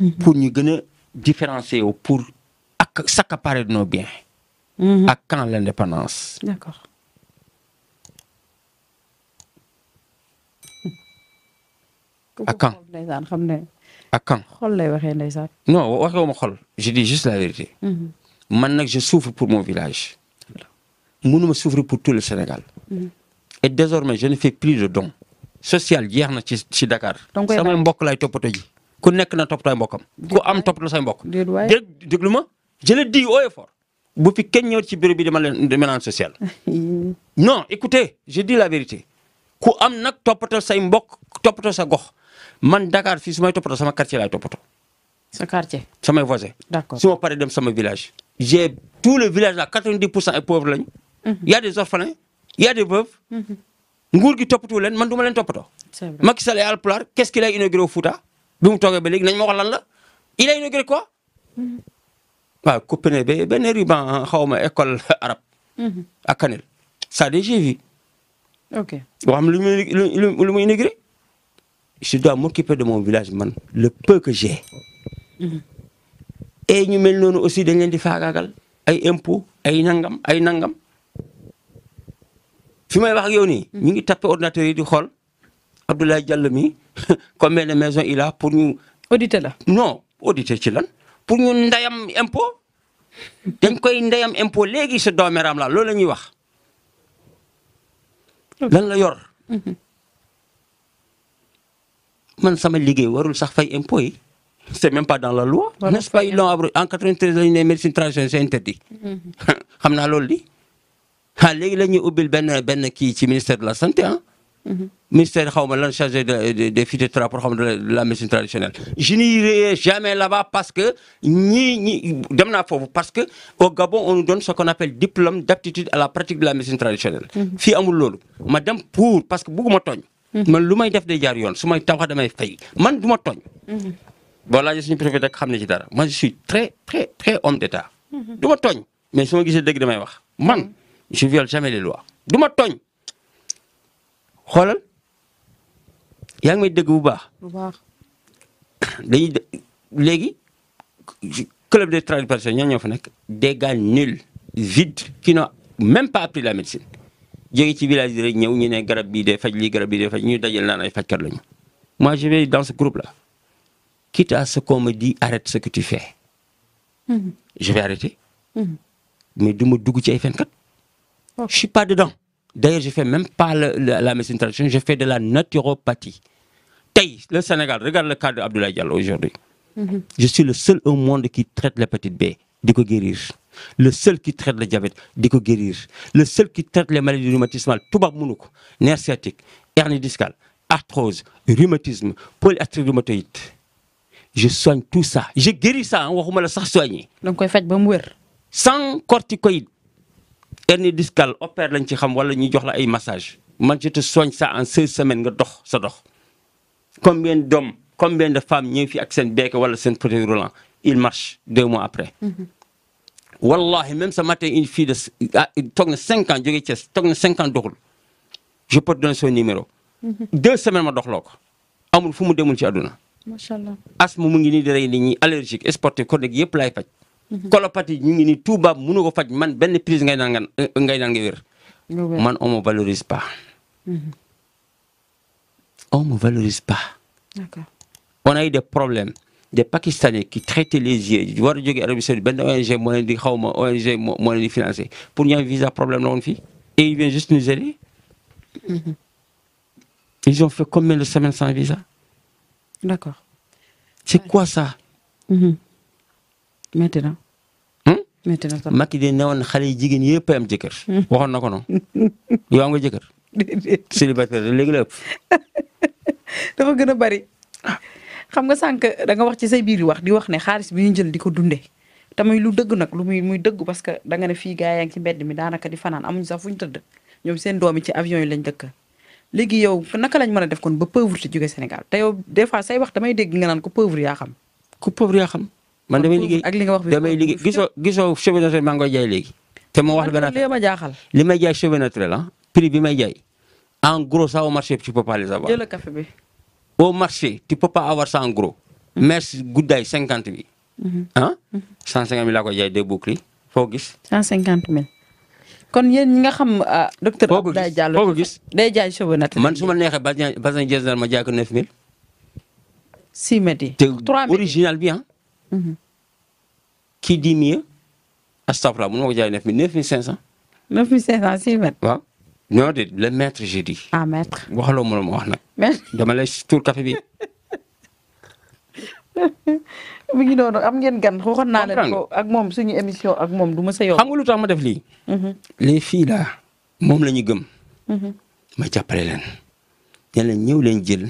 Mm-hmm. pour ñu gën a différencier wu pour ak s'accaparer de nos biens. Mm-hmm. ak quand l'indépendance. D'accord. à quand à quand. xol lay waxee ndeysaan. non waxewuma xol je dis juste la vérité. Mm-hmm. man nag je souffre pour mon village. mënuma souffrir pour tout le Sénégal. et désormais je ne fais plus de dons. social jeex na ci ci Dakar. samay mbokk lay toppatoo ji. ku nekk na toppatoo ay mbokkam ku am toppatoo say mbokk dé déglu ma jële di haut et bu fi kenn ñëw ci bureau bi dama leen de mélange social non écoutez je dis la vérité ku am nag toppatoo say mbokk toppatoo sa gox man Dakar fii su may toppatoo sama quartier laay toppatoo sa quartier samay voisins d'accord su ma paree dem sama village j'ai tout le village là 90 pour cent ay pauvres lañu mhm. y a des orphelins y a des mhm. nguur gi toppatoo leen man du ma leen toppatoo Macky Sall a inauguré au Fouta bi mu toogee ba léegi nañ ma wax lan la il a inauguré quoi. waaw mm-hmm. ah, coupé na ba benn ruban xaw ma école arabe. Mm-hmm. à Kanel ça déjà j'ai vu. ok waxam lu muy lu muy inauguré. je dois m'occuper de village man le peu que mm-hmm. ñu mel noonu aussi dañ leen di faagaagal ay impôts ay nangam ay nangam. fi ma wax ak yow nii. ñu ngi tapé ordinateur yi di xool Abdoulaye Diallo mi combien de maisons il a pour ñu. auditer la non auditer ci lan pour ñu ndayam impôt dañ koy ndeyam impôt léegi sa doomeram la lool la ñuy wax. lan la yor. Mhm. man sama liggéey warul sax fay impôt yi. c'est même pas dans la loi. n'est-ce pas ils l'ont abrogé en 93 la ñu ne médecine traditionnelle c'est interdit. Mhm. xam naa loolu di ah léegi la ñuy ubbil benn benn kii ci ministère de la sante ah. ministère xaw ma lan chargé de des phytothérapeutes xaw ma de la médecine traditionnelle je n'irai jamais là parce que ñii ñi dem naa foofu parce que au Gabon on donne ce qu'on appelle diplôme d'aptitude à la pratique de la médecine traditionnelle mm-hmm. fii amul loolu ma dem pour parce que bugguma tooñ mm-hmm. man lu may def day jaar yoon su may tawax damay fay man du ma tooñ mm-hmm. boo laajee suñu préfet rek xam ne ci dara man je suis très très très homme d'état du ma tooñ mais su ma gisee dëgg damay man je viole jamais xoolal yaa ngi may dégg bu baax. bu baax dañuy léegi club des tradipraticiens ñoo ñoo fa nekk. des gars nuls vides qui n'ont même pas appris la médecine jóge ci village rek ñëw ñu ne garab bii day faj lii garab bii day faj ñu dajal naan ay fajkat lañu. moi je vais dans ce groupe là quitte à ce qu'on me dit arrête ce que tu fais. Mhm. Mhm. du ma dugg ci ay fenkat. je suis pas D'ailleurs, je ne fais même pas le, le, la médecine traditionnelle, je fais de la naturopathie. Thaï, le Sénégal, regarde le cas d'Abdoulaye Diallo aujourd'hui. Mhm. Je suis le seul au monde qui traite l'hépatite B, de quoi Le seul qui traite le diabète, de quoi guérir. Le seul qui traite les maladies rhumatismales, Toubab Mounouk, nerf sciatique, hernie discale, arthrose, rhumatisme, polyarthrite rhumatoïde. Je soigne tout ça. Je guéris ça, on va me le soigner. Donc, en fait, bon, sans corticoïdes. hernie discale opère lañ ci xam wala ñu jox la ay massage man je te soigne ça en seize nga dox sa dox combien d'hommes combien de femmes ñëw fi ak seen beek wala seen fauteuil roulant il marche deux mois après mm-hmm. wallahi même ce matin une fille de ah, toog na cinq ans jógee Thiès toog na cinq ans doxul je peux te donner son numéro mm-hmm. ma doxloo ko amul fu mu demul ci àdduna macha allah mu ngi nii di rey nit ñi allergique sportif ko dégg yëpp laay faj colopathie mhm. ñu ngi ni Touba mënu ko faj man benn prise ngay nan nga ngay naan nga wér. man on me valorise pas. Mhm. on me valorise pas. d'accord. on a eu des problèmes des Pakistanais qui traitaient les yeux war a jógee Arabie Saoudite ONG moo di xaw ma ONG moo leen di financé pour ñu am visa problème la woon fii et ils viennent juste nous aider. Mhm. ils ont fait combien de semaines sans visa. c'est quoi ça. métti na. métti hmm? na sax Macky de newoon xale yi jigéen yëpp am jëkkër. Hmm. waxoon na ko noonu yow am nga jëkkër. déedéet célibataire léegi la ëpp. dafa gën a bari. xam nga sànq danga wax ci say biir wax di wax ne xaalis bi ñu jël di ko dundee tamit lu dëgg nag lu muy muy dëgg parce que danga nga ne fii gaa yaa ci mbedd mi daanaka di fanaan amuñu sax fu ñu tëdd ñoom seen doom ci avion yi lañ dëkk. léegi yow naka lañ mën a def kon ba pauvreté jóge Sénégal te yow des fois say wax damay dégg nga naan ko pauvre yaa xam. ku pauvre yaa xam. man damay liggéey ak li nga wax bi damay liggéey gisoo gisoo cheveux naturel maa ngi koy jaay léegi. te moo wax la benn li ma jaaxal. li may jaay cheveux naturel ah prix bi may jaay en gros ça au marché tu peux pas les avoir. marché tu peux pas avoir ça en gros. mèche guddaay cinquante bi. Mhm. ah cent cinquante mille laa koy jaay deux boucles foo gis. cent cinquante mille. kon yéen ñi nga xam ah, docteur Abdoulaye Diallo foo ko gis day jaay cheveux naturel. man su ma neexee basin basin jésner ma jaay ko neuf mille. six mètres yi. te original bi ah. Mm-hmm. qui dit mieux astafurlah mun ma ko jaayee neuf mille neuf mille cinq cent. neuf mille cinq cent si mètre. waaw non de le maître j'ai dit. ah maître waxaloo ma ma wax nag. dama lay tuur café bi. mi ngi doon am ngeen gan waxoon naa leen ko ak moom nga lu tax ma def li mm-hmm. les filles là moom la ñu gëm. Mm-hmm. ma jàppale leen. ne leen ñëw leen jël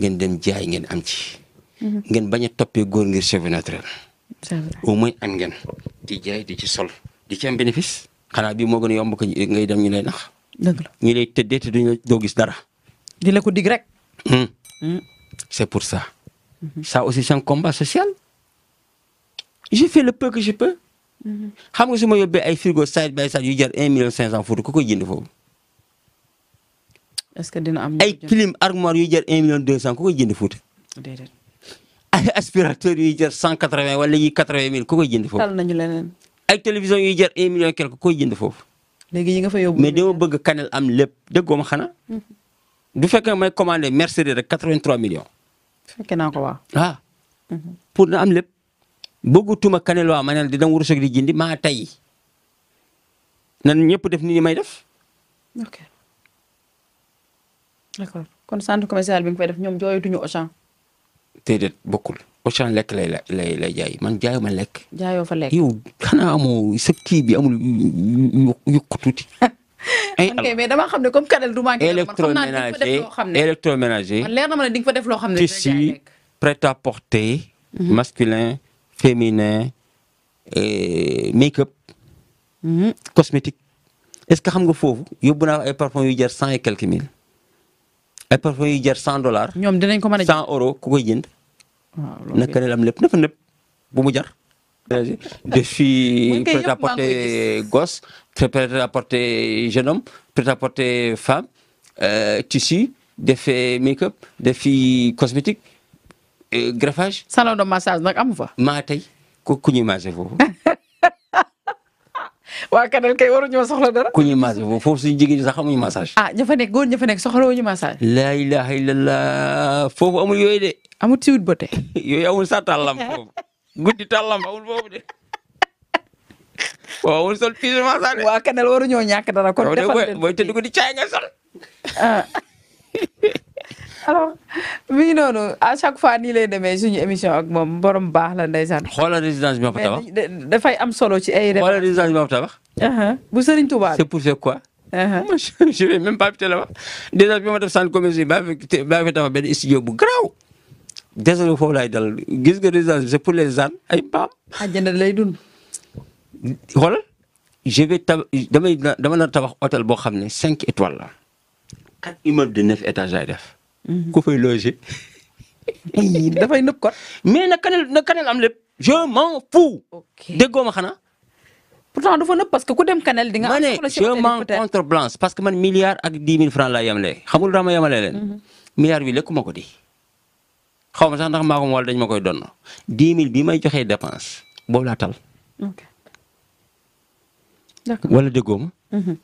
ngeen dem jaay ngeen am ci. ngeen bañ a toppee góor ngir cheveux naturel au moins an ngeen di jaay di ci sol di ci bénéfice xanaa bii moo gën a yomb ko ngay dem ñu lay nax dëgg la ñu lay tëddee te duñu doo gis dara di la ko dig rek hmm. Hmm. c'est pour sa sa hmm. aussi c'est un combat social je fais le peu que je peux nga su ma yóbbee ay frigo side by side yu jar un million cinq cent footu ku koy jënd foofu est-ce que dina am ay clim yu jar un million deux cent ku koy jënd footu déedéet ay aspirateur yuy jar cent quatre vingt wala yi quatre vingt mille ku koy jënd foofu. ay télévision yuy jar un million quelque koy jënd foofu. léegi yi nga fa yóbbu mais dama bëgg Kanel am lépp déggoo ma xanaa. du mhm. fekkee may commandé Mercedes rek quatre vingt trois millions. fekke naa ko waaw. ah. Mhm. pour na am lépp. bëggatuma Kanel waa ma ne di dama wurus ak di jindi maa tey. nan ñëpp def ni ni may def. kon centre bi nga def ñoom jooyatuñu déedéet bokkul Auchan lekk lay lay lay jaay man jaayoo ma lekk. jaayoo fa lekk yow xanaa amoo sa kii bi amul yokku tuuti. ay al mais dama xam ne comme kadal du manqué. électroménager électroménager. man leer na ma di nga fa def loo xam ne. tissu prêt à porter. Mhm. masculin féminin make-up. Mhm. est-ce que xam nga foofu yóbbu naa ay parfum yu jar cent et quelques mille. ay parfum yi jar cent dollars. ñoom dinañ ko mën a cent euros ku koy jënd. naka la am lépp nëpp bu mu jar. je suis prêt à porter gosse très prêt à porter jeune homme prêt à porter femme euh, tissu defee make defi cosmétique euh, graffage. salon de massage nag amu fa. maa tey ku ku ñuy massé waa Kanel kay waruñoo soxla dara. ku ñuy massage foofu si jigéen ñi sax amuñu massage. ah ña fa nekk góor ña fa nekk soxlawuñu massage. laa ilaaha illallah foofu amul yooyu de. amul siwut bote. yooyu amul sax tàllam foofu guddi tàllam amul foofu de. waaw amul sol fii massage de. waa Kanel waruñoo ñàkk dara kon defal leen booy tëdd ko di caay nga sol. Ah. alors bii noonu à chaque fois nii lay demee suñu émission ak moom borom baax la ndeysaan. xoolal résidence bi ma fa tabax dafay am solo ci ay. xoolal résidence bi ma fa tabax. Uh-huh. bu Serigne Touba c'est pour ce quoi. Uh-huh. moi je vais même pas habiter là baa fi baa fi tabax benn bu garaaw. désolé foofu laay dal gis nga résidence pour les ânes ay paam. àjjana lay dund. xoolal je dama nar tabax hôtel boo xam ne cinq étoiles la. quatre immeubles ku fay loger. dafay nëb kon mais na Kanel na Kanel am lépp je m'en fous. ok déggoo ma xanaa. pourtant dafa nëb parce que ku dem kaneel di nga. am soxla si je m'en contre blanche parce que man milliard ak dix mille francs laa yemale xamul dama yemale leen. Mhm. milliard bi lekkuma ko di. xaw ma sax ndax maa ko moom wala ma koy donn dix mille bi may joxee dépense boobu la tal. ok d'accord ma. Mhm.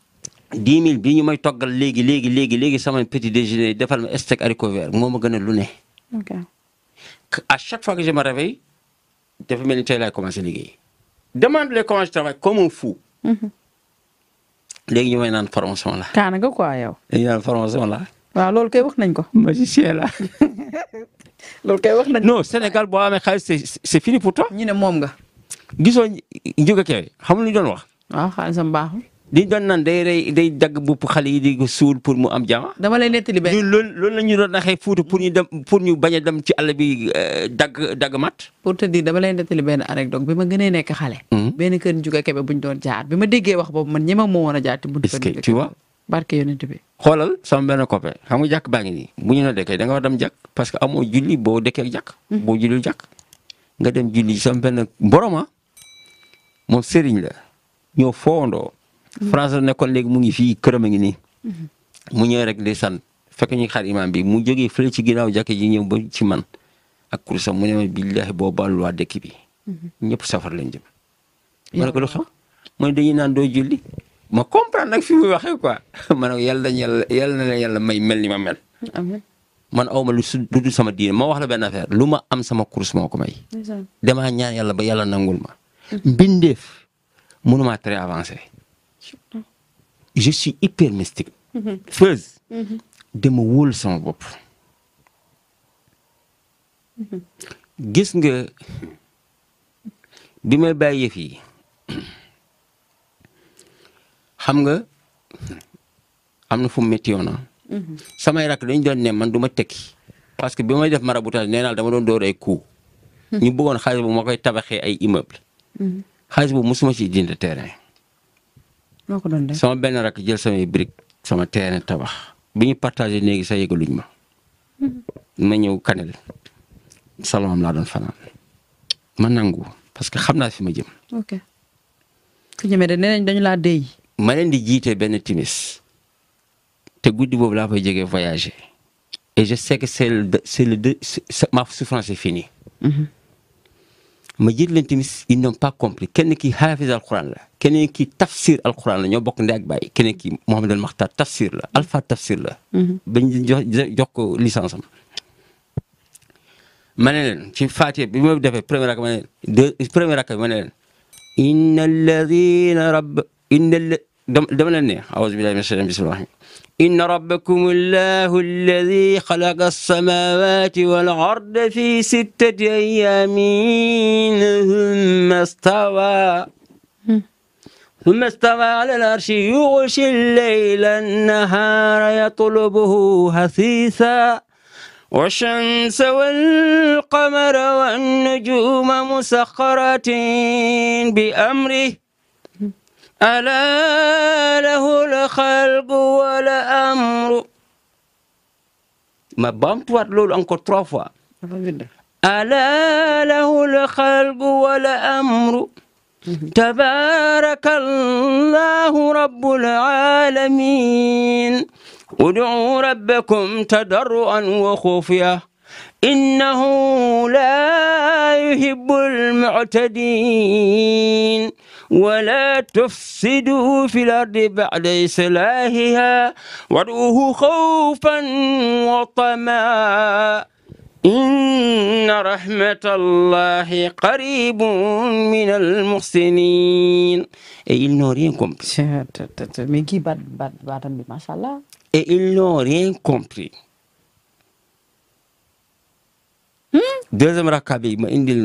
dix mille bii ñu may toggal léegi léegi léegi léegi sama petit déjeuner defal ma steak haricot vert moo ma gën a lu ne. ok chaque fois que je me réveille dafa mel ni tey commencé liggéey. demande les comment je travaille comme un fou. Mhm. léegi ñu may naan formation la. nga quoi dañu naan formation la. waaw loolu kay wax nañ ko. magicien la. wax nañ Sénégal boo amee xaalis c'est fini pour toi. ñu ne moom nga. gisoo Ndiouga Kébé xam lu ñu doon wax. waaw xaalisam baaxul. liñ doon naan day day dagg bopp xale yi di suul pour mu am jama dama lay nettali benn loolu la ñu doon naxee Fuuta pour ñu dem pour ñu bañ a dem ci àll bi euh, dagg dagg mat. pour te dire dama lay nettali benn anecdote bi ma gënee nekk xale. Hmm? benn kër Ndiouga Kébé bu ñu doon jaar bi ma déggee wax boobu man ma moo woon a jaar. te buntu kër tu vois. barke yonent bi. xoolal sama benn copain xam nga jàkk baa ngi nii bu ñu la dekkee da nga war dem jàkk parce que amoo julli boo dekkee ak jàkk. Hmm. boo jullil nga dem julli sama benn boroma ah, sëriñ la ñoo foondoo Mm-hmm. français ne kon léegi mu ngi fii këram a ngi nii. Mm-hmm. mu ñëw rek di sant fekk ñu xaar imaam bi mu jógee fële gi ginnaaw jàkk ji ñëw ba ci man ak kursam mu ne ma billaahi boo baalu bi. Mm-hmm. ñëpp safar lañ jëm. ma ne ko mooy dañuy naan doo julli ma comprendre nag fi muy waxee quoi ma ne ko yàlla dañu a yàlla may mel ni ma mel. man awma lu su lu dul sama diine ma wax la benn affaire lu ma am sama course moo ko may. damaa ñaan yàlla ba yàlla nangul ma. mbindeef mënumaa très avancé. je suis hyper mystique. Mhm. feuse. Mhm. dama wóol sama bopp. Mhm. gis nga bi may bàyyi yëf yi xam nga am na fu mu na sama samay rakk dañ doon ne man du ma tekki parce que bi ma may mara maraboutage nee naa dama doon door ko ñu bëggoon xaalis bu ma koy tabaxee ay immeuble xaalis bu musuma ci jënd terrain. noo ko doon sama benn rakk jël samay brique sama terrain tabax bi ñu partagé léegi sa yëgaluñ ma. Hmm. ma ñëw Kanel salon laa doon fanaan ma nangu parce que xam naa fi ma jëm. ok su ñemee de nee dañu laa déy. ma leen di jiite benn timis te guddi boobu laa fay jege voyager et je sais que c'est le c'est ma souffrance est finie. Mm ma jiit leen tamit ils n'ont pas compris kenn ki xaafis alquran la keneen ki tafsir alquran la ñoo bokk ndey ak bàyyi keneen ki Mouhamadul Makhtar tafsir la mm-hmm. Alpha tafsir la. Mm-hmm. bañ jox jox ko licence am. ma ne leen ci Faatiha bi ma defee premier ma ne leen deux premier rakk bi ma ne leen. inna alladina rabb ne aouzu billahi mina shaytani bismillahi إن ربكم الله الذي خلق السماوات والأرض في ستة أيام ثم استوى ثم استوى على العرش يغشي الليل النهار يطلبه هثيثا والشمس والقمر والنجوم مسخرات بأمره ألا له الخلق والأمر ما بامتوات لول encore trois fois ألا له الخلق والأمر تبارك الله رب العالمين ادعوا ربكم تضرعا وخفيه innahu laa yuhibbul mu'tadiin ولا تفسدوا في الأرض بعد إصلاحها وادعوه خوفا وطمعا إن رحمة الله قريب من المحسنين Et ils n'ont rien compris. Mais qui bat, bat, bat, machallah. Et ils n'ont rien compris. Hmm? deuxième rakka bi ma indil